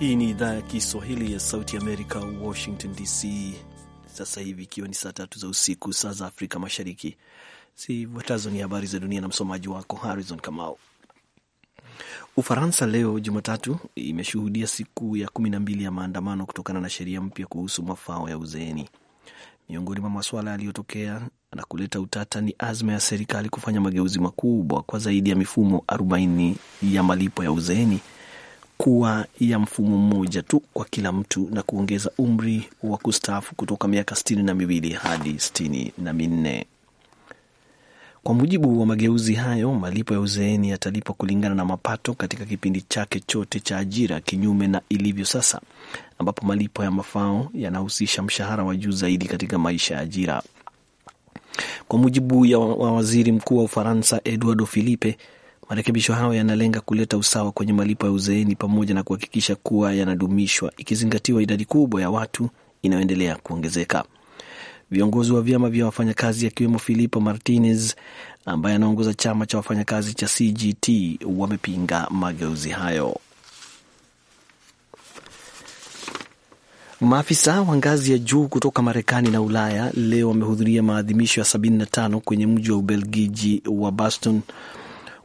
Hii ni idhaa ya Kiswahili ya Sauti Amerika, Washington DC, sasa hivi ikiwa ni saa tatu za usiku, saa za Afrika Mashariki. Zifuatazo ni habari za dunia na msomaji wako Harrison Kamau. Ufaransa leo Jumatatu imeshuhudia siku ya kumi na mbili ya maandamano kutokana na sheria mpya kuhusu mafao ya uzeeni. Miongoni mwa masuala yaliyotokea na kuleta utata ni azma ya serikali kufanya mageuzi makubwa kwa zaidi ya mifumo 40 ya malipo ya uzeeni kuwa ya mfumo mmoja tu kwa kila mtu na kuongeza umri wa kustaafu kutoka miaka sitini na miwili hadi sitini na minne. Kwa mujibu wa mageuzi hayo, malipo ya uzeeni yatalipwa kulingana na mapato katika kipindi chake chote cha ajira, kinyume na ilivyo sasa ambapo malipo ya mafao yanahusisha mshahara wa juu zaidi katika maisha ya ajira. Kwa mujibu wa waziri mkuu wa Ufaransa Eduardo Philippe, Marekebisho hayo yanalenga kuleta usawa kwenye malipo ya uzeeni pamoja na kuhakikisha kuwa yanadumishwa, ikizingatiwa idadi kubwa ya watu inayoendelea kuongezeka. Viongozi wa vyama vya wafanyakazi akiwemo Filipo Martinez ambaye anaongoza chama cha wafanyakazi cha CGT wamepinga mageuzi hayo. Maafisa wa ngazi ya juu kutoka Marekani na Ulaya leo wamehudhuria maadhimisho ya 75 kwenye mji wa Ubelgiji wa Baston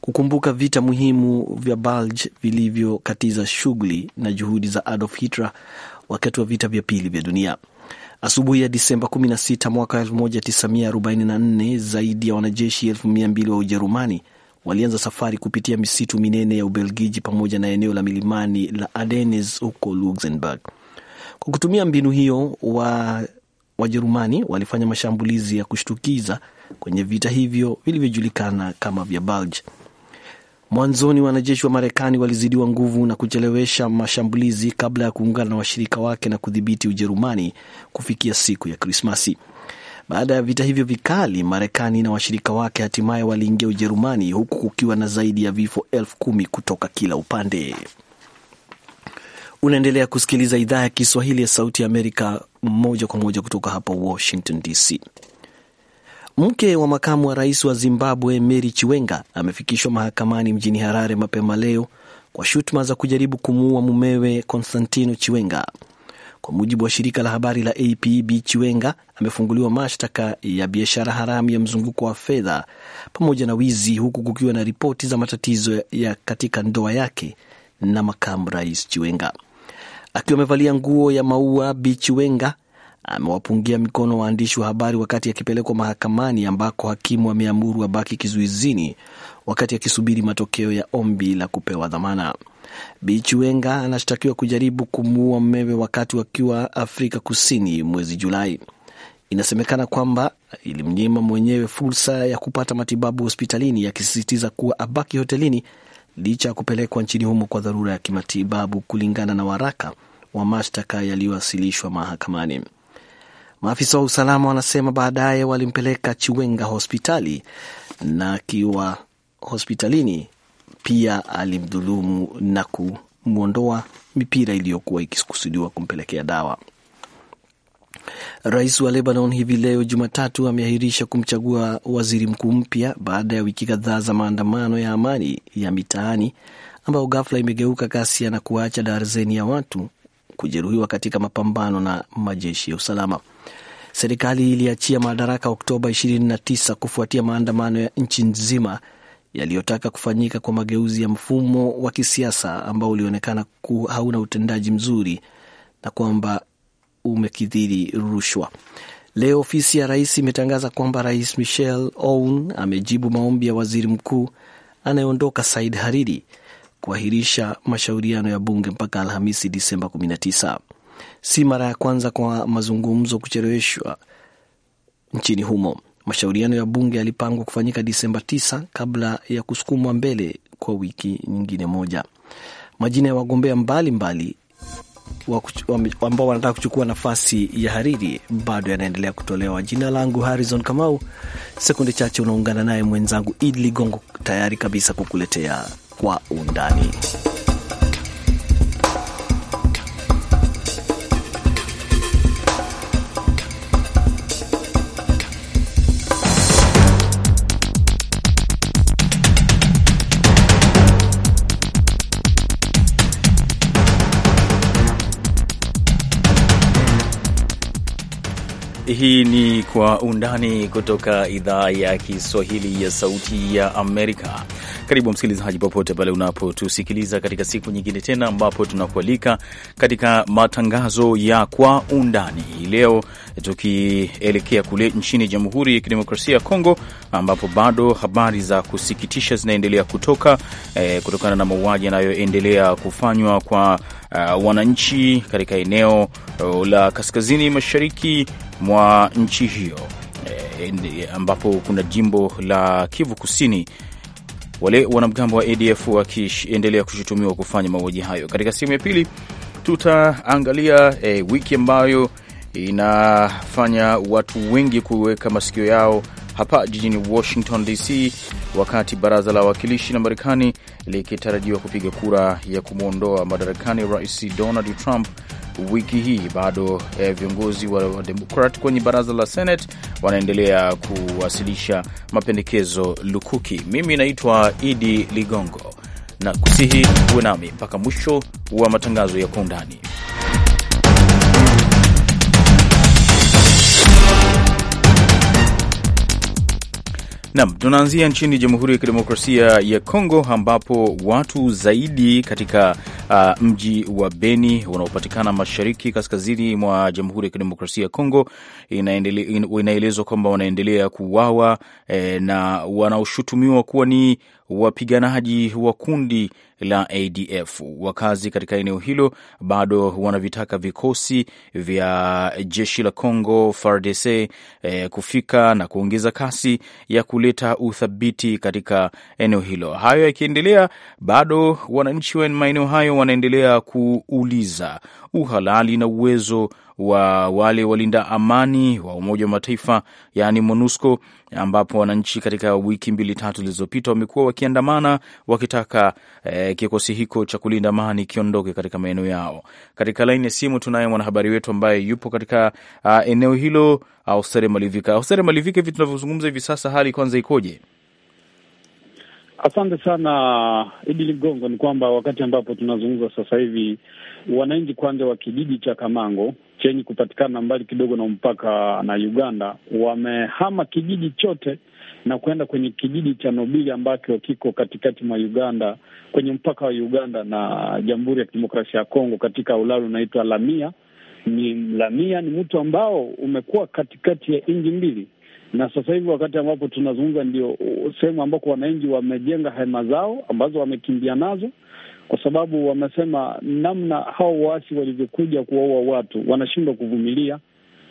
kukumbuka vita muhimu vya Bulge vilivyokatiza shughuli na juhudi za Adolf Hitler wakati wa vita vya pili vya dunia. Asubuhi ya Disemba 16 mwaka 1944 zaidi ya wanajeshi 2 wa Ujerumani walianza safari kupitia misitu minene ya Ubelgiji pamoja na eneo la milimani la Ardennes huko Luxembourg. Kwa kutumia mbinu hiyo wa Wajerumani walifanya mashambulizi ya kushtukiza kwenye vita hivyo vilivyojulikana kama vya Bulge. Mwanzoni wanajeshi wa Marekani walizidiwa nguvu na kuchelewesha mashambulizi kabla ya kuungana na washirika wake na kudhibiti Ujerumani kufikia siku ya Krismasi. Baada ya vita hivyo vikali, Marekani na washirika wake hatimaye waliingia Ujerumani, huku kukiwa na zaidi ya vifo elfu kumi kutoka kila upande. Unaendelea kusikiliza idhaa ya Kiswahili ya Sauti ya Amerika moja kwa moja kutoka hapa Washington DC. Mke wa makamu wa rais wa Zimbabwe Mary Chiwenga amefikishwa mahakamani mjini Harare mapema leo kwa shutuma za kujaribu kumuua mumewe Constantino Chiwenga. Kwa mujibu wa shirika la habari la AP, b Chiwenga amefunguliwa mashtaka ya biashara haramu ya mzunguko wa fedha pamoja na wizi, huku kukiwa na ripoti za matatizo ya katika ndoa yake na makamu rais Chiwenga. Akiwa amevalia nguo ya maua, b Chiwenga amewapungia mikono waandishi wa habari wakati akipelekwa mahakamani ambako hakimu ameamuru abaki kizuizini wakati akisubiri matokeo ya ombi la kupewa dhamana. Bi anashtakiwa kujaribu kumuua mmewe wakati wakiwa Afrika Kusini mwezi Julai. Inasemekana kwamba ilimnyima mwenyewe fursa ya kupata matibabu hospitalini, akisisitiza kuwa abaki hotelini licha ya kupelekwa nchini humo kwa dharura ya kimatibabu, kulingana na waraka wa mashtaka yaliyowasilishwa mahakamani. Maafisa wa usalama wanasema baadaye walimpeleka Chiwenga hospitali na akiwa hospitalini pia alimdhulumu na kumwondoa mipira iliyokuwa ikikusudiwa kumpelekea dawa. Rais wa Lebanon hivi leo Jumatatu ameahirisha kumchagua waziri mkuu mpya baada ya wiki kadhaa za maandamano ya amani ya mitaani ambayo ghafla imegeuka ghasia na kuacha darzeni ya watu kujeruhiwa katika mapambano na majeshi ya usalama. Serikali iliachia madaraka Oktoba 29 kufuatia maandamano ya nchi nzima yaliyotaka kufanyika kwa mageuzi ya mfumo wa kisiasa ambao ulionekana hauna utendaji mzuri na kwamba umekithiri rushwa. Leo ofisi ya rais imetangaza kwamba Rais Michel Aoun amejibu maombi ya waziri mkuu anayeondoka Said Hariri kuahirisha mashauriano ya bunge mpaka Alhamisi, Disemba 19. Si mara ya kwanza kwa mazungumzo kucheleweshwa nchini humo. Mashauriano ya bunge yalipangwa kufanyika Disemba 9 kabla ya kusukumwa mbele kwa wiki nyingine moja. Majina ya wagombea mbalimbali ambao wanataka kuchukua nafasi ya Hariri bado yanaendelea kutolewa. Jina langu Harrison Kamau. Sekunde chache unaungana naye mwenzangu Id Ligongo, tayari kabisa kukuletea kwa undani. Hii ni Kwa Undani kutoka idhaa ya Kiswahili ya Sauti ya Amerika. Karibu msikilizaji, popote pale unapotusikiliza katika siku nyingine tena, ambapo tunakualika katika matangazo ya Kwa Undani hii leo, tukielekea kule nchini Jamhuri ya Kidemokrasia ya Kongo, ambapo bado habari za kusikitisha zinaendelea kutoka eh, kutokana na mauaji yanayoendelea kufanywa kwa uh, wananchi katika eneo uh, la kaskazini mashariki mwa nchi hiyo eh, ambapo kuna jimbo la Kivu Kusini wale wanamgambo wa ADF wakiendelea kushutumiwa kufanya mauaji hayo. Katika sehemu ya pili tutaangalia e, wiki ambayo inafanya watu wengi kuweka masikio yao hapa jijini Washington DC, wakati baraza la wawakilishi la Marekani likitarajiwa kupiga kura ya kumwondoa madarakani Rais Donald Trump wiki hii bado eh, viongozi wa, Demokrat kwenye baraza la Senate wanaendelea kuwasilisha mapendekezo lukuki. Mimi naitwa Idi Ligongo na kusihi uwe nami mpaka mwisho wa matangazo ya Kwa Undani. Nam, tunaanzia nchini Jamhuri ya Kidemokrasia ya Kongo ambapo watu zaidi katika uh, mji wa Beni unaopatikana mashariki kaskazini mwa Jamhuri ya Kidemokrasia ya Kongo. Inaelezwa kwamba wanaendelea kuuawa eh, na wanaoshutumiwa kuwa ni wapiganaji wa kundi la ADF. Wakazi katika eneo hilo bado wanavitaka vikosi vya jeshi la Congo FARDC eh, kufika na kuongeza kasi ya kuleta uthabiti katika eneo hilo. Hayo yakiendelea, bado wananchi wa maeneo hayo wanaendelea kuuliza uhalali na uwezo wa wale walinda amani wa Umoja wa Mataifa yaani MONUSCO, ambapo wananchi katika wiki mbili tatu zilizopita wamekuwa wakiandamana wakitaka eh, kikosi hiko cha kulinda amani kiondoke katika maeneo yao. Katika laini ya simu tunaye mwanahabari wetu ambaye yupo katika uh, eneo hilo Austere Malivika. Austere Malivika, hivi tunavyozungumza hivi sasa hali kwanza ikoje? Asante sana Idi Ligongo. Ni kwamba wakati ambapo tunazungumza sasa hivi wananchi kwanza wa kijiji cha Kamango Chenyi kupatikana mbali kidogo na mpaka na Uganda, wamehama kijiji chote na kwenda kwenye kijiji cha Nobili ambacho kiko katikati mwa Uganda, kwenye mpaka wa Uganda na Jamhuri ya Kidemokrasia ya Kongo, katika ulalo unaitwa Lamia. Ni Lamia ni mtu ambao umekuwa katikati ya nchi mbili, na sasa hivi wakati ambapo tunazungumza, ndio sehemu ambako wananchi wamejenga hema zao ambazo wamekimbia nazo kwa sababu wamesema namna hao waasi walivyokuja kuwaua watu wanashindwa kuvumilia,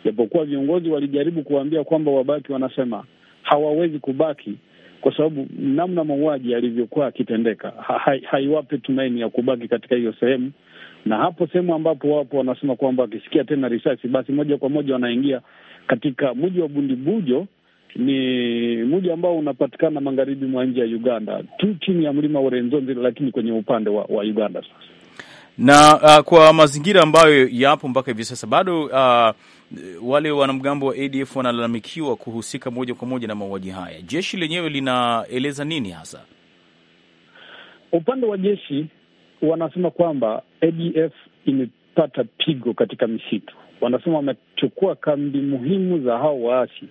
japokuwa viongozi walijaribu kuwaambia kwamba wabaki, wanasema hawawezi kubaki kwa sababu namna mauaji yalivyokuwa akitendeka haiwape hai tumaini ya kubaki katika hiyo sehemu. Na hapo sehemu ambapo wapo wanasema kwamba wakisikia tena risasi, basi moja kwa moja wanaingia katika mji wa Bundibujo ni mji ambao unapatikana magharibi mwa nchi ya Uganda tu chini ya mlima urenzonzi lakini kwenye upande wa, wa Uganda sasa na uh, kwa mazingira ambayo yapo mpaka hivi sasa bado uh, wale wanamgambo wa ADF wanalalamikiwa kuhusika moja kwa moja na mauaji haya. Jeshi lenyewe linaeleza nini hasa? Upande wa jeshi wanasema kwamba ADF imepata pigo katika misitu wanasema wamechukua kambi muhimu za hao waasi.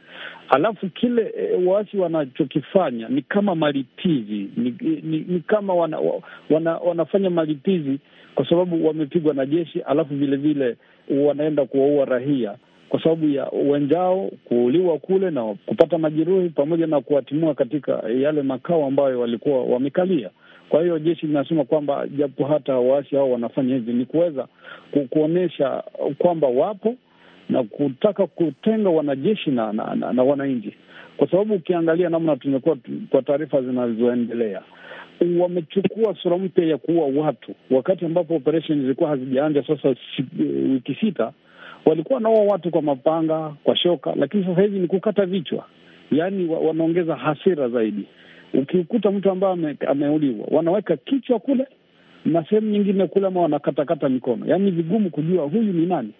Alafu kile e, waasi wanachokifanya ni kama malipizi, ni, ni, ni kama wana, wana, wanafanya malipizi kwa sababu wamepigwa na jeshi, alafu vilevile wanaenda kuwaua rahia kwa sababu ya wenzao kuuliwa kule na kupata majeruhi pamoja na kuwatimua katika yale makao ambayo walikuwa wamekalia. Kwa hiyo jeshi linasema kwamba japo hata waasi hao wanafanya hivi ni kuweza kuonyesha kwamba wapo na kutaka kutenga wanajeshi na, na, na, na wananchi, kwa sababu ukiangalia namna tumekuwa kwa taarifa zinazoendelea wamechukua sura mpya ya kuua watu, wakati ambapo operesheni zilikuwa hazijaanja sasa wiki sita, walikuwa wanaua watu kwa mapanga, kwa shoka, lakini sasa hivi ni kukata vichwa, yaani wanaongeza hasira zaidi ukikuta mtu ambaye ameuliwa wanaweka kichwa kule na sehemu nyingine kule, ama wanakatakata mikono, yaani vigumu kujua huyu ni nani.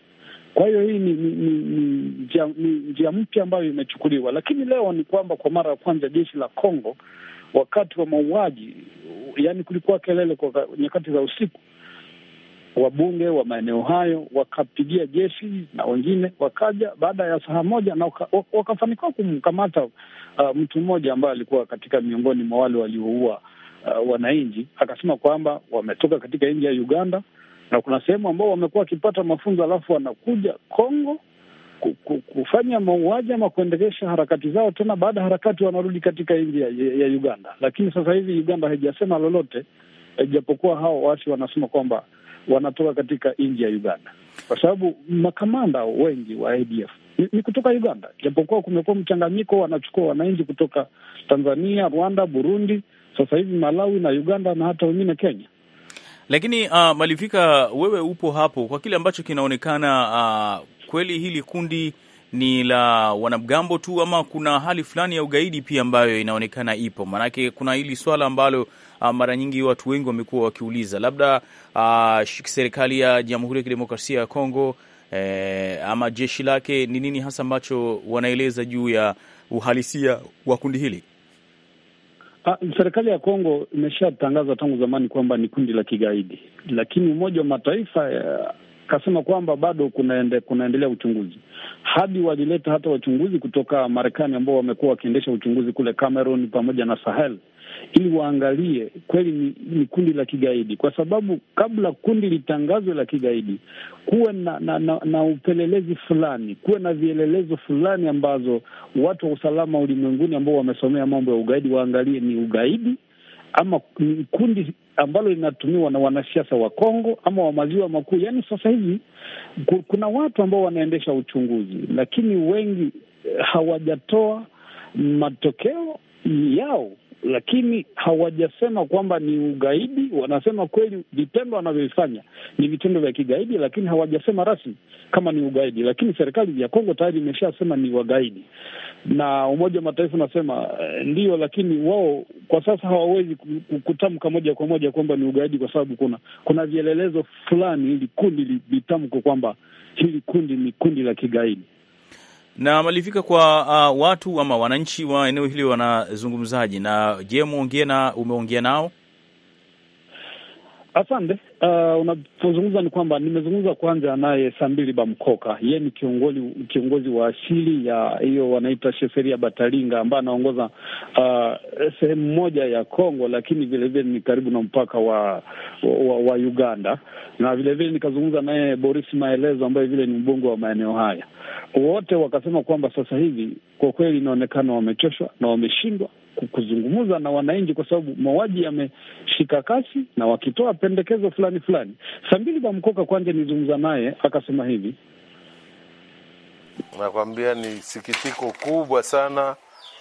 Kwa hiyo hii ni njia ni, ni, mpya ambayo imechukuliwa, lakini leo ni kwamba kwa mara ya kwanza jeshi la Kongo wakati wa mauaji, yaani kulikuwa kelele kwa nyakati za usiku wabunge wa maeneo hayo wakapigia jeshi na wengine wakaja baada ya saa moja na waka, wakafanikiwa kumkamata uh, mtu mmoja ambaye alikuwa katika miongoni mwa wale walioua uh, wananchi. Akasema kwamba wametoka katika nchi ya Uganda na kuna sehemu ambao wamekuwa wakipata mafunzo, alafu wanakuja Kongo kufanya mauaji ama kuendelesha harakati zao tena. Baada ya harakati wanarudi katika nchi ya, ya Uganda, lakini sasa hivi Uganda haijasema lolote, ijapokuwa eh, hao watu wanasema kwamba wanatoka katika nchi ya Uganda, kwa sababu makamanda wengi wa ADF ni, ni kutoka Uganda, japokuwa kumekuwa mchanganyiko, wanachukua wananchi kutoka Tanzania, Rwanda, Burundi, sasa hivi Malawi na Uganda na hata wengine Kenya. Lakini uh, Malivika, wewe upo hapo kwa kile ambacho kinaonekana, uh, kweli hili kundi ni la wanamgambo tu ama kuna hali fulani ya ugaidi pia ambayo inaonekana ipo? Maanake kuna hili swala ambalo uh, mara nyingi watu wengi wamekuwa wakiuliza labda uh, serikali ya Jamhuri ya Kidemokrasia ya Kongo eh, ama jeshi lake ni nini hasa ambacho wanaeleza juu ya uhalisia wa kundi hili? Ah, serikali ya Kongo imeshatangaza tangu zamani kwamba ni kundi la kigaidi, lakini Umoja wa Mataifa ya eh, kasema kwamba bado kunaende, kunaendelea uchunguzi hadi walileta hata wachunguzi kutoka Marekani ambao wamekuwa wakiendesha uchunguzi kule Cameroon pamoja na Sahel ili waangalie kweli ni, ni kundi la kigaidi, kwa sababu kabla kundi litangazwe la kigaidi kuwe na, na, na, na upelelezi fulani, kuwe na vielelezo fulani ambazo watu wa usalama ulimwenguni ambao wamesomea mambo ya ugaidi waangalie ni ugaidi ama ni kundi ambalo linatumiwa na wanasiasa wa Kongo ama wa maziwa makuu. Yaani sasa hivi kuna watu ambao wanaendesha uchunguzi, lakini wengi hawajatoa matokeo yao lakini hawajasema kwamba ni ugaidi. Wanasema kweli vitendo wanavyovifanya ni vitendo vya kigaidi, lakini hawajasema rasmi kama ni ugaidi. Lakini serikali ya Kongo tayari imeshasema ni wagaidi, na Umoja wa Mataifa unasema eh, ndiyo, lakini wao kwa sasa hawawezi kutamka moja kwa moja kwamba ni ugaidi, kwa sababu kuna kuna vielelezo fulani, hili kundi litamkwe kwamba hili kundi ni kundi la kigaidi na malifika kwa uh, watu ama wananchi wa eneo hili wanazungumzaji na je, umeongea na umeongea nao? Asante. Uh, eh, unapozungumza ni kwamba nimezungumza kwanza naye Sambili Bamkoka, yeye ni kiongozi kiongozi wa asili ya hiyo wanaita Sheferia Batalinga ambaye anaongoza uh, sehemu moja ya Kongo, lakini vilevile ni karibu na mpaka wa wa, wa Uganda, na vilevile nikazungumza naye Boris Maelezo ambaye vile ni mbunge wa maeneo haya. Wote wakasema kwamba sasa hivi kwa kweli inaonekana wamechoshwa na wameshindwa kuzungumza na wananchi, kwa sababu mauaji yameshika kasi, na wakitoa pendekezo fulani fulani fulani. Saa mbili ba mkoka kwanza nilizungumza naye akasema hivi, nakwambia ni sikitiko kubwa sana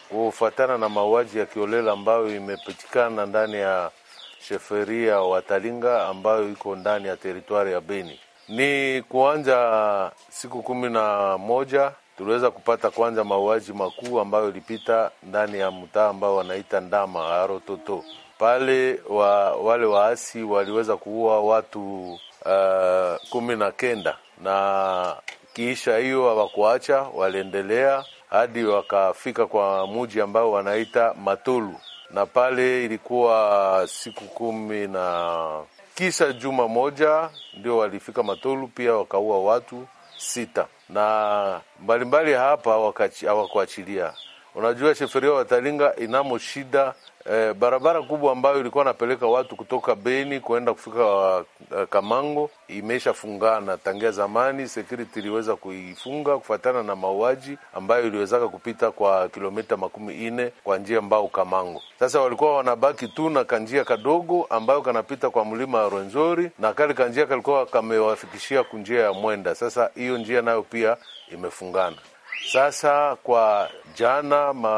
kufuatana na mauaji ya kiolela ambayo imepatikana ndani ya sheferia wa Talinga ambayo iko ndani ya teritwari ya Beni. Ni kuanja siku kumi na moja tuliweza kupata kwanza mauaji makuu ambayo ilipita ndani ya mtaa ambao wanaita Ndama Arototo pale wa, wale waasi waliweza kuua watu uh, kumi na kenda na kiisha hiyo hawakuacha, waliendelea hadi wakafika kwa muji ambao wanaita Matulu, na pale ilikuwa siku kumi na kisha juma moja ndio walifika Matulu, pia wakaua watu sita na mbalimbali hapa hawakuachilia Unajua sheferia Watalinga inamo shida e, barabara kubwa ambayo ilikuwa napeleka watu kutoka Beni kuenda kufika uh, Kamango imeshafungana tangia zamani. Security iliweza kuifunga kufuatana na mauaji ambayo iliwezaka kupita kwa kilomita makumi ine kwa njia mbao Kamango. Sasa walikuwa wanabaki tu na kanjia kadogo ambayo kanapita kwa mlima wa Rwenzori na kale kanjia kalikuwa kamewafikishia kunjia ya Mwenda. Sasa hiyo njia nayo pia imefungana. Sasa kwa jana ma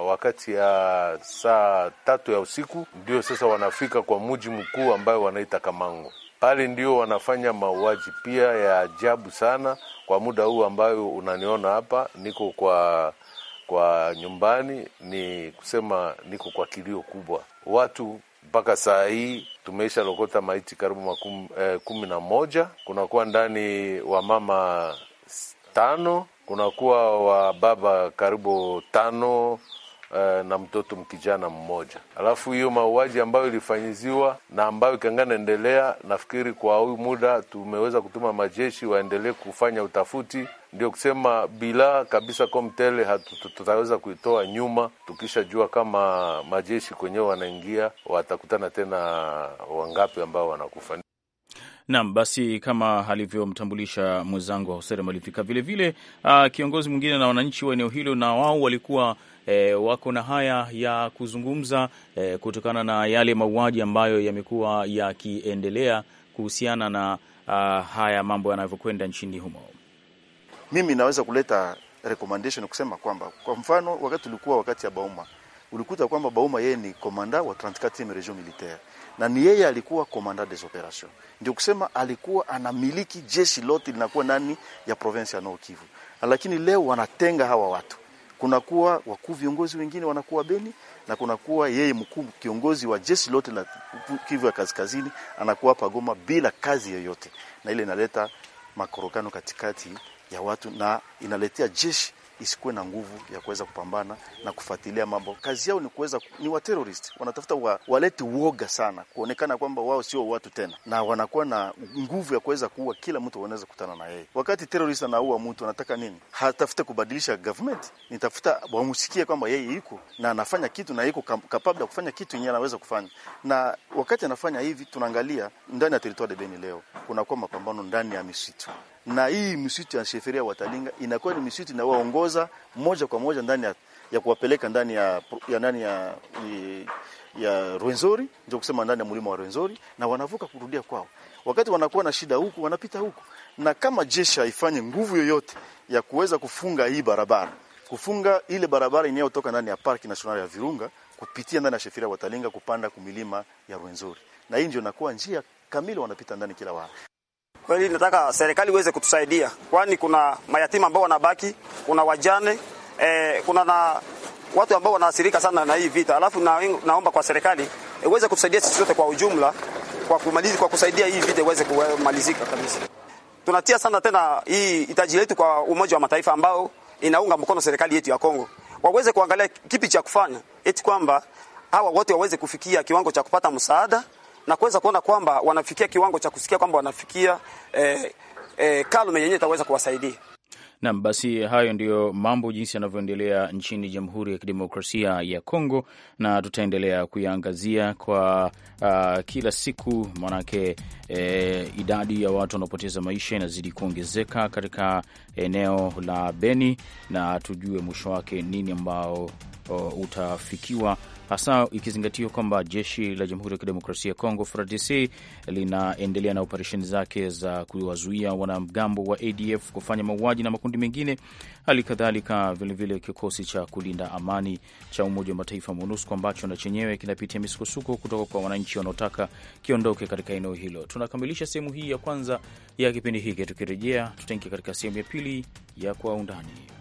wakati ya saa tatu ya usiku ndio sasa wanafika kwa muji mkuu ambayo wanaita Kamango. Pale ndio wanafanya mauaji pia ya ajabu sana. Kwa muda huu ambayo unaniona hapa, niko kwa kwa nyumbani, ni kusema niko kwa kilio kubwa. Watu mpaka saa hii tumeisha lokota maiti karibu makumi, eh, kumi na moja kunakuwa ndani wa mama tano kunakuwa wa baba karibu tano eh, na mtoto mkijana mmoja. Alafu hiyo mauaji ambayo ilifanyiziwa na ambayo ikangana endelea, nafikiri kwa huyu muda tumeweza kutuma majeshi waendelee kufanya utafuti. Ndio kusema bila kabisa komtele hatutaweza tutaweza kuitoa nyuma, tukishajua kama majeshi kwenyewe wanaingia watakutana tena wangapi ambao wanakufa nam basi kama alivyomtambulisha mwenzangu wa Hosera Malivika, vilevile uh, ah, kiongozi mwingine na wananchi wa eneo hilo na wao walikuwa E, wako na haya ya kuzungumza e, kutokana na yale mauaji ambayo yamekuwa yakiendelea kuhusiana na uh, haya mambo yanavyokwenda nchini humo. Mimi naweza kuleta recommendation kusema kwamba kwa mfano wakati ulikuwa wakati ya Bauma ulikuta kwamba Bauma yeye ni komanda wa 34 region militaire na ni yeye alikuwa commandant des operations, ndio kusema alikuwa anamiliki jeshi lote linakuwa ndani ya province ya Nord Kivu. Lakini leo wanatenga hawa watu, kunakuwa wakuu viongozi wengine wanakuwa Beni na kunakuwa yeye mkuu kiongozi wa jeshi lote la Kivu ya kaskazini anakuwa hapa Goma bila kazi yoyote, na ile inaleta makorokano katikati ya watu na inaletea jeshi isikuwe na nguvu ya kuweza kupambana na kufuatilia mambo. Kazi yao ni kuweza ni wa wanatafuta wa, walete uoga sana, kuonekana kwamba wao sio watu tena, na wanakuwa na nguvu ya kuweza kuua kila mtu wanaweza kutana na yeye. Wakati terorist anaua mtu, anataka nini? Hatafute kubadilisha government, nitafuta wamsikie kwamba yeye iko na anafanya kitu na iko kapabla ya kufanya kitu yenyewe anaweza kufanya. Na wakati anafanya hivi, tunaangalia ndani ya territoire de Beni leo kunakuwa mapambano ndani ya misitu na hii misitu ya sheferia Watalinga inakuwa ni misitu inawaongoza moja kwa moja ndani ya, ya kuwapeleka ndani ya, ya, ndani ya, ya, ya Rwenzori, ndio kusema ndani ya mlima wa Rwenzori, na wanavuka kurudia kwao. Wakati wanakuwa na shida huku wanapita huku, na kama jeshi haifanye nguvu yoyote ya kuweza kufunga hii barabara, kufunga ile barabara inayotoka ndani ya parki nasionali ya Virunga kupitia ndani ya sheferia Watalinga kupanda kumilima ya Rwenzori, na hii ndio inakuwa njia kamili wanapita ndani kila wakati kweli nataka serikali iweze kutusaidia, kwani kuna mayatima ambao wanabaki, kuna wajane eh, kuna na watu ambao wanaathirika sana na hii vita. Alafu na, naomba kwa serikali iweze kutusaidia sisi sote kwa ujumla kwa kumaliza, kwa kusaidia hii vita iweze kumalizika kabisa. Tunatia sana tena hii hitaji letu kwa Umoja wa Mataifa ambao inaunga mkono serikali yetu ya Kongo waweze kuangalia kipi cha kufanya, eti kwamba hawa wote waweze kufikia kiwango cha kupata msaada na kuweza kuona kwamba wanafikia kiwango cha kusikia kwamba wanafikia eh, eh, kalme yenyewe itaweza kuwasaidia. Nam, basi hayo ndiyo mambo jinsi yanavyoendelea nchini Jamhuri ya Kidemokrasia ya Kongo, na tutaendelea kuyaangazia kwa uh, kila siku, maanake eh, idadi ya watu wanaopoteza maisha inazidi kuongezeka katika eneo la Beni, na tujue mwisho wake nini ambao uh, utafikiwa hasa ikizingatiwa kwamba jeshi la Jamhuri ya Kidemokrasia ya Kongo FARDC linaendelea na operesheni zake za kuwazuia wanamgambo wa ADF kufanya mauaji na makundi mengine, hali kadhalika vilevile kikosi cha kulinda amani cha Umoja wa Mataifa MONUSCO ambacho na chenyewe kinapitia misukosuko kutoka kwa wananchi wanaotaka kiondoke katika eneo hilo. Tunakamilisha sehemu hii ya kwanza ya kipindi hiki, tukirejea tutaingia katika sehemu ya pili ya Kwa Undani.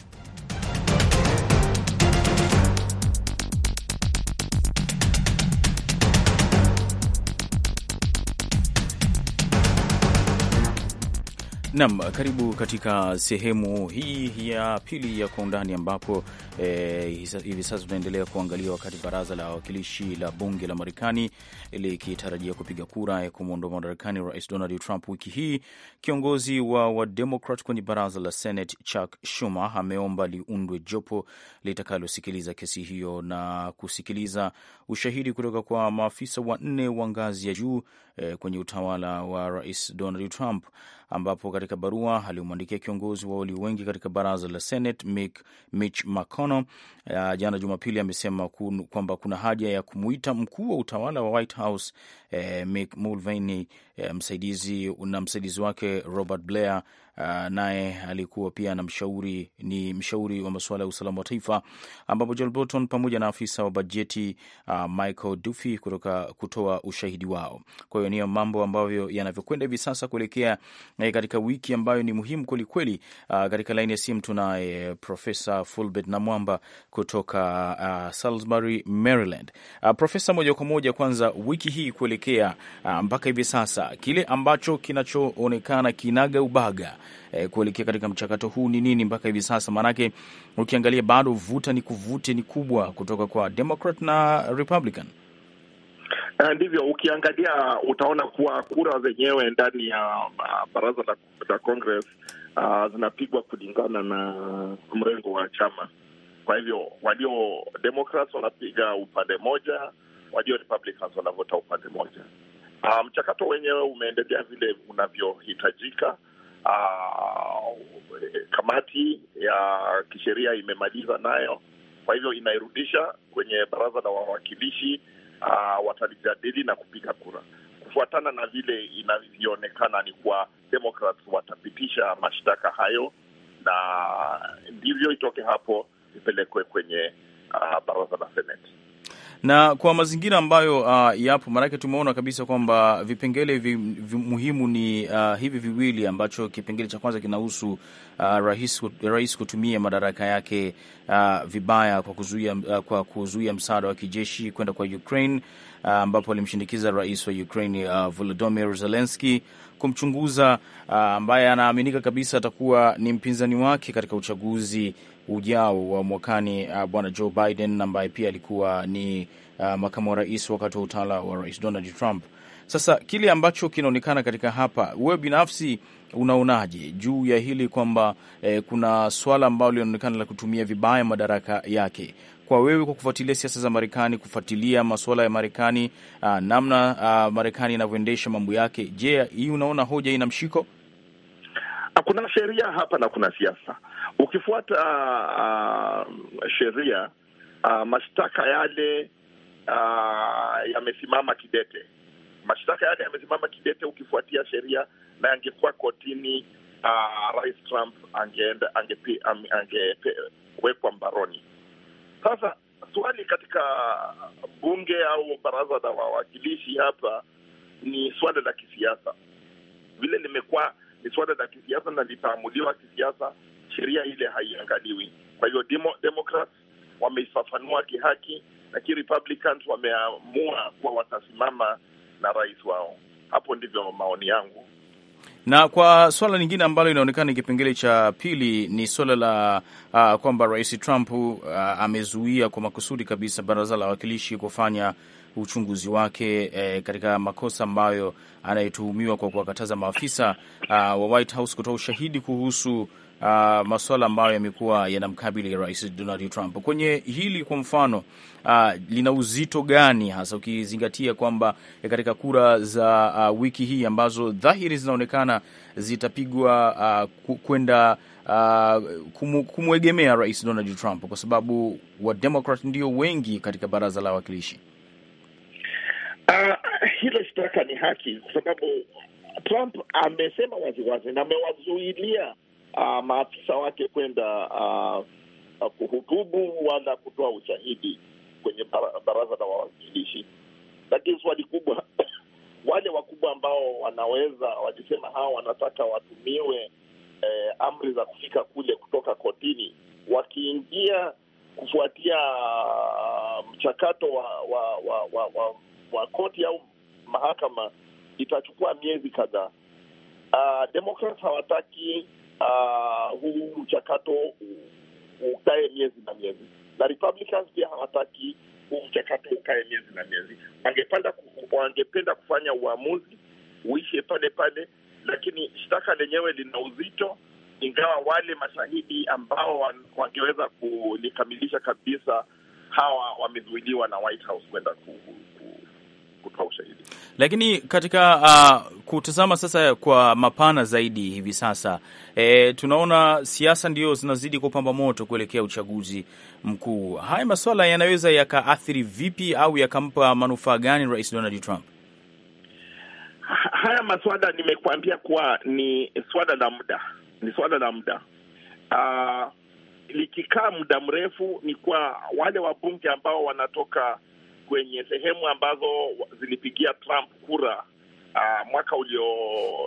Nam, karibu katika sehemu hii ya pili ya Kwa Undani, ambapo eh, hivi hivi sasa tunaendelea kuangalia wakati baraza la wawakilishi la bunge la Marekani likitarajia kupiga kura ya kumwondoa madarakani Rais Donald Trump wiki hii, kiongozi wa Wademokrat kwenye baraza la Senate Chuck Schumer ameomba liundwe jopo litakalosikiliza kesi hiyo na kusikiliza ushahidi kutoka kwa maafisa wanne wa ngazi ya juu eh, kwenye utawala wa Rais Donald Trump, ambapo katika barua aliyomwandikia kiongozi wa walio wengi katika baraza la Senate Mick, Mitch McConnell uh, jana Jumapili amesema kwamba kuna haja ya kumuita mkuu wa utawala wa White House eh, Mick Mulvaney eh, msaidizi na msaidizi wake Robert Blair Ah, naye alikuwa pia na mshauri, ni mshauri wa masuala ya usalama wa taifa, ambapo John Bolton pamoja na afisa wa bajeti uh, Michael Duffy kutoka kutoa ushahidi wao. Kwa hiyo niyo mambo ambavyo yanavyokwenda hivi sasa kuelekea eh, katika wiki ambayo ni muhimu kwelikweli. Uh, ah, katika laini ya simu tunaye eh, Profesa Fulbert Namwamba kutoka uh, Salisbury, Maryland. Uh, Profesa, moja kwa moja kwanza, wiki hii kuelekea uh, mpaka hivi sasa kile ambacho kinachoonekana kinaga ubaga e, kuelekea katika mchakato huu ni nini mpaka hivi sasa? Maanake ukiangalia bado vuta ni kuvute ni kubwa kutoka kwa Democrat na Republican. Eh, ndivyo, ukiangalia utaona kuwa kura zenyewe ndani ya uh, baraza la, la Congress uh, zinapigwa kulingana na mrengo wa chama. Kwa hivyo walio Democrats wanapiga upande moja, walio Republicans wanavota upande moja. Mchakato uh, mchakato wenyewe umeendelea vile unavyohitajika uh, kamati ya kisheria imemaliza nayo, kwa hivyo inairudisha kwenye baraza la wawakilishi uh, ah, watalijadili na kupiga kura kufuatana na vile inavyoonekana ni kuwa Demokrat watapitisha mashtaka hayo, na ndivyo itoke hapo ipelekwe kwenye uh, baraza la Seneti na kwa mazingira ambayo uh, yapo, maanake tumeona kabisa kwamba vipengele vi, vi, muhimu ni uh, hivi viwili, ambacho kipengele cha kwanza kinahusu uh, rais, rais kutumia madaraka yake uh, vibaya kwa kuzuia, uh, kwa kuzuia msaada wa kijeshi kwenda kwa Ukraine uh, ambapo uh, rais wa Ukraine uh, Volodymyr Zelensky kumchunguza uh, ambaye anaaminika kabisa atakuwa ni mpinzani wake katika uchaguzi ujao wa mwakani uh, bwana Joe Biden ambaye pia alikuwa ni uh, makamu wa rais wakati wa utawala wa rais Donald Trump. Sasa kile ambacho kinaonekana katika hapa, wewe binafsi unaonaje juu ya hili kwamba eh, kuna swala ambalo linaonekana la kutumia vibaya madaraka yake? Kwa wewe, kwa kufuatilia siasa za Marekani, kufuatilia masuala ya Marekani, uh, namna uh, Marekani inavyoendesha mambo yake, je, hii unaona hoja ina mshiko? kuna sheria hapa na kuna siasa. Ukifuata uh, sheria uh, mashtaka yale uh, yamesimama kidete. Mashtaka yale yamesimama kidete ukifuatia sheria, na yangekuwa kotini uh, Rais Trump angeenda angewekwa ange, ange, mbaroni. Sasa swali katika bunge au baraza la wawakilishi hapa ni swala la kisiasa, vile limekuwa ni suala la kisiasa na litaamuliwa kisiasa. Sheria ile haiangaliwi. Kwa hivyo Democrats wameifafanua kihaki, na Republicans wameamua kuwa watasimama na rais wao. Hapo ndivyo maoni yangu. Na kwa suala lingine ambalo inaonekana ni kipengele cha pili ni suala la uh, kwamba rais Trump uh, amezuia kwa makusudi kabisa baraza la wawakilishi kufanya uchunguzi wake e, katika makosa ambayo anayetuhumiwa kwa kuwakataza maafisa ah, wa White House kutoa ushahidi kuhusu ah, masuala ambayo yamekuwa yanamkabili Rais Donald Trump. Kwenye hili kwa mfano, a, ah, lina uzito gani hasa ukizingatia kwamba eh, katika kura za a, wiki hii ambazo dhahiri zinaonekana zitapigwa kwenda uh, kumwegemea Rais Donald Trump kwa sababu wa Democrat ndio wengi katika baraza la wawakilishi. Uh, hilo shtaka ni haki kwa sababu Trump amesema waziwazi na amewazuilia uh, maafisa wake kwenda uh, kuhutubu wala kutoa ushahidi kwenye baraza la wawakilishi. Lakini swali kubwa wale wakubwa ambao wanaweza wakisema hawa wanataka watumiwe eh, amri za kufika kule kutoka kotini, wakiingia kufuatia uh, mchakato wa, wa, wa, wa, wa kubwa, koti au mahakama itachukua miezi kadhaa. Uh, ah, Demokrat hawataki uh, huu mchakato ukae miezi na miezi, na Republicans pia hawataki huu mchakato ukae miezi na miezi. Wangependa wangependa kufanya uamuzi uishe pale pale, lakini shtaka lenyewe lina uzito, ingawa wale mashahidi ambao wangeweza kulikamilisha kabisa hawa wamezuiliwa na White House kwenda kutupa ushahidi. Lakini katika uh, kutazama sasa kwa mapana zaidi hivi sasa e, tunaona siasa ndio zinazidi kupamba moto kuelekea uchaguzi mkuu. Haya maswala yanaweza yakaathiri vipi au yakampa manufaa gani Rais Donald Trump? Haya maswala nimekuambia kuwa ni swala la muda, ni swala la muda uh, likikaa muda mrefu ni kwa wale wabunge ambao wanatoka kwenye sehemu ambazo zilipigia Trump kura uh, mwaka ulio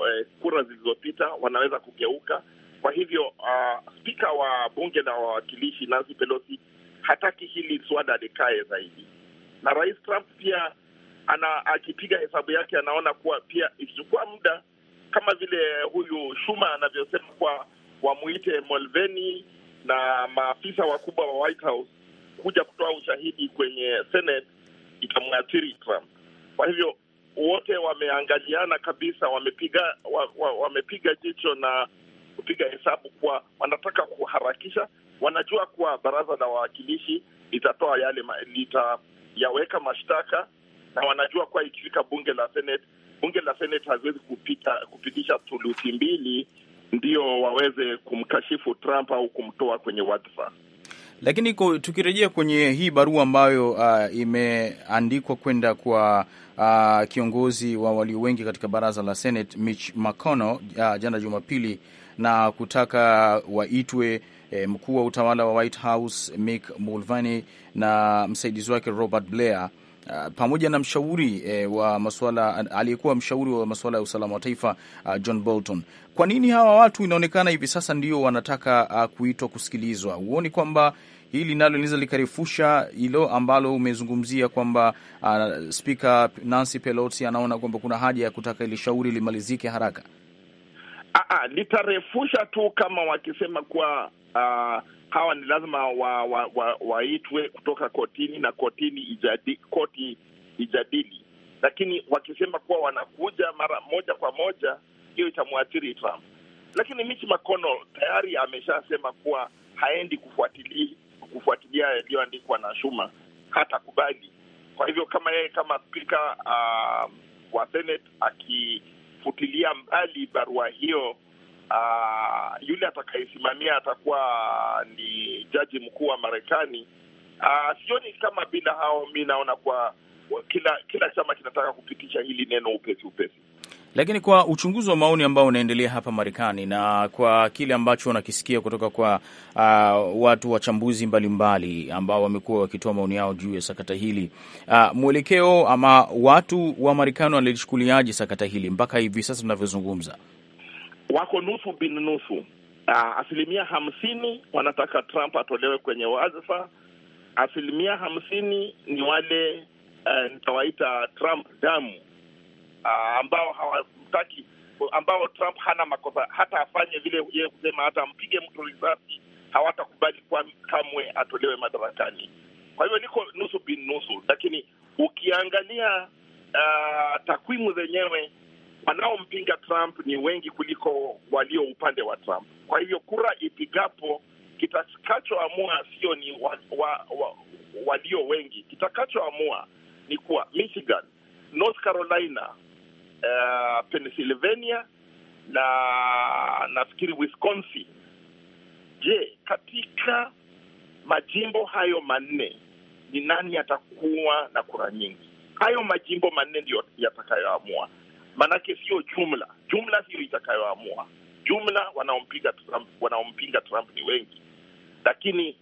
eh, kura zilizopita wanaweza kugeuka. Kwa hivyo uh, spika wa bunge la wawakilishi Nancy Pelosi hataki hili swada likae zaidi, na rais Trump pia ana akipiga hesabu yake anaona kuwa pia ikichukua muda kama vile huyu Shuma anavyosema kuwa wamwite Mulvaney na maafisa wakubwa wa White House kuja kutoa ushahidi kwenye Senate itamwathiri Trump. Kwa hivyo wote wameangaliana kabisa, wamepiga wa, wa, wamepiga jicho na kupiga hesabu kuwa wanataka kuharakisha. Wanajua kuwa baraza la wawakilishi litatoa yale litayaweka mashtaka, na wanajua kuwa ikifika bunge la Senate, bunge la Senate haziwezi kupita kupitisha thuluthi mbili ndio waweze kumkashifu Trump au kumtoa kwenye wadhifa. Lakini tukirejea kwenye hii barua ambayo uh, imeandikwa kwenda kwa uh, kiongozi wa walio wengi katika baraza la Senate Mitch McConnell uh, jana Jumapili na kutaka waitwe eh, mkuu wa utawala wa White House Mick Mulvaney na msaidizi wake Robert Blair uh, pamoja na mshauri eh, wa masuala aliyekuwa mshauri wa masuala ya usalama wa taifa uh, John Bolton. Kwa nini hawa watu inaonekana hivi sasa ndio wanataka uh, kuitwa kusikilizwa? Huoni kwamba hili nalo linaweza likarefusha hilo ambalo umezungumzia kwamba uh, Spika Nancy Pelosi anaona kwamba kuna haja ya kutaka ili shauri limalizike haraka? Ah, ah, litarefusha tu kama wakisema kuwa uh, hawa ni lazima waitwe wa, wa, wa kutoka kotini na kotini ijadi, koti ijadili, lakini wakisema kuwa wanakuja mara moja kwa moja, hiyo itamwathiri Trump. Lakini Mitch McConnell tayari ameshasema kuwa haendi kufuatilia kufuatilia yaliyoandikwa na Shuma, hata kubali. Kwa hivyo kama yeye kama spika uh, um, wa Senate akifutilia mbali barua hiyo uh, yule atakayesimamia atakuwa ni jaji mkuu wa Marekani. Uh, sioni kama bila hao, mi naona kwa kila kila chama kinataka kupitisha hili neno upesi upesi, lakini kwa uchunguzi wa maoni ambao unaendelea hapa Marekani na kwa kile ambacho wanakisikia kutoka kwa uh, watu wachambuzi mbalimbali ambao wamekuwa wakitoa maoni yao juu ya sakata hili uh, mwelekeo ama watu wa Marekani wanalichukuliaje sakata hili mpaka hivi sasa tunavyozungumza? wako bin nusu nusu. Uh, ah, asilimia hamsini wanataka Trump atolewe kwenye wadhifa. Asilimia hamsini ni wale uh, nitawaita Trump damu uh, ambao hawamtaki, ambao Trump hana makosa, hata afanye vile yeye kusema, hata ampige mtu risasi, hawatakubali kwa kamwe atolewe madarakani. Kwa hivyo niko nusu bin nusu, lakini ukiangalia uh, takwimu zenyewe wanaompinga Trump ni wengi kuliko walio upande wa Trump. Kwa hivyo kura ipigapo, kitakachoamua sio ni wa, wa, wa, walio wengi. Kitakachoamua ni kuwa Michigan, North Carolina, uh, Pennsylvania na nafikiri Wisconsin. Je, katika majimbo hayo manne ni nani atakuwa na kura nyingi? Hayo majimbo manne ndiyo yatakayoamua maanake sio jumla. Jumla hiyo itakayoamua jumla. Wanaompiga Trump, wanaompinga Trump ni wengi, lakini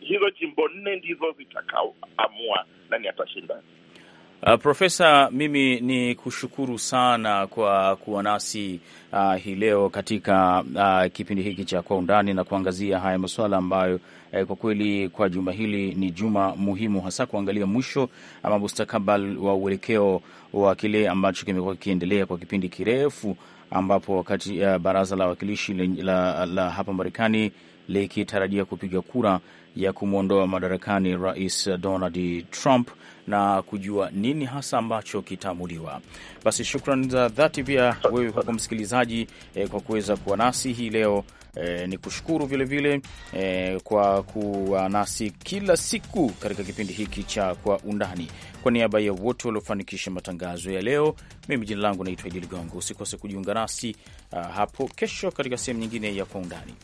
hizo jimbo nne ndizo zitakaoamua nani atashinda Uh, Profesa, mimi ni kushukuru sana kwa kuwa nasi uh, hii leo katika uh, kipindi hiki cha Kwa Undani na kuangazia haya masuala ambayo uh, kwa kweli kwa juma hili ni juma muhimu, hasa kuangalia mwisho ama mustakabali wa uelekeo wa kile ambacho kimekuwa kikiendelea kwa kipindi kirefu ambapo wakati uh, baraza la wakilishi la, la, la hapa Marekani likitarajia kupiga kura ya kumwondoa madarakani Rais Donald Trump na kujua nini hasa ambacho kitaamuliwa. Basi shukran za dhati pia wewe kwako msikilizaji e, kwa kuweza kuwa nasi hii leo. E, ni kushukuru vilevile vile, e, kwa kuwa nasi kila siku katika kipindi hiki cha Kwa Undani. Kwa niaba ya wote waliofanikisha matangazo ya leo, mimi jina langu naitwa Idi Ligongo. Usikose kujiunga nasi ah, hapo kesho katika sehemu nyingine ya Kwa Undani.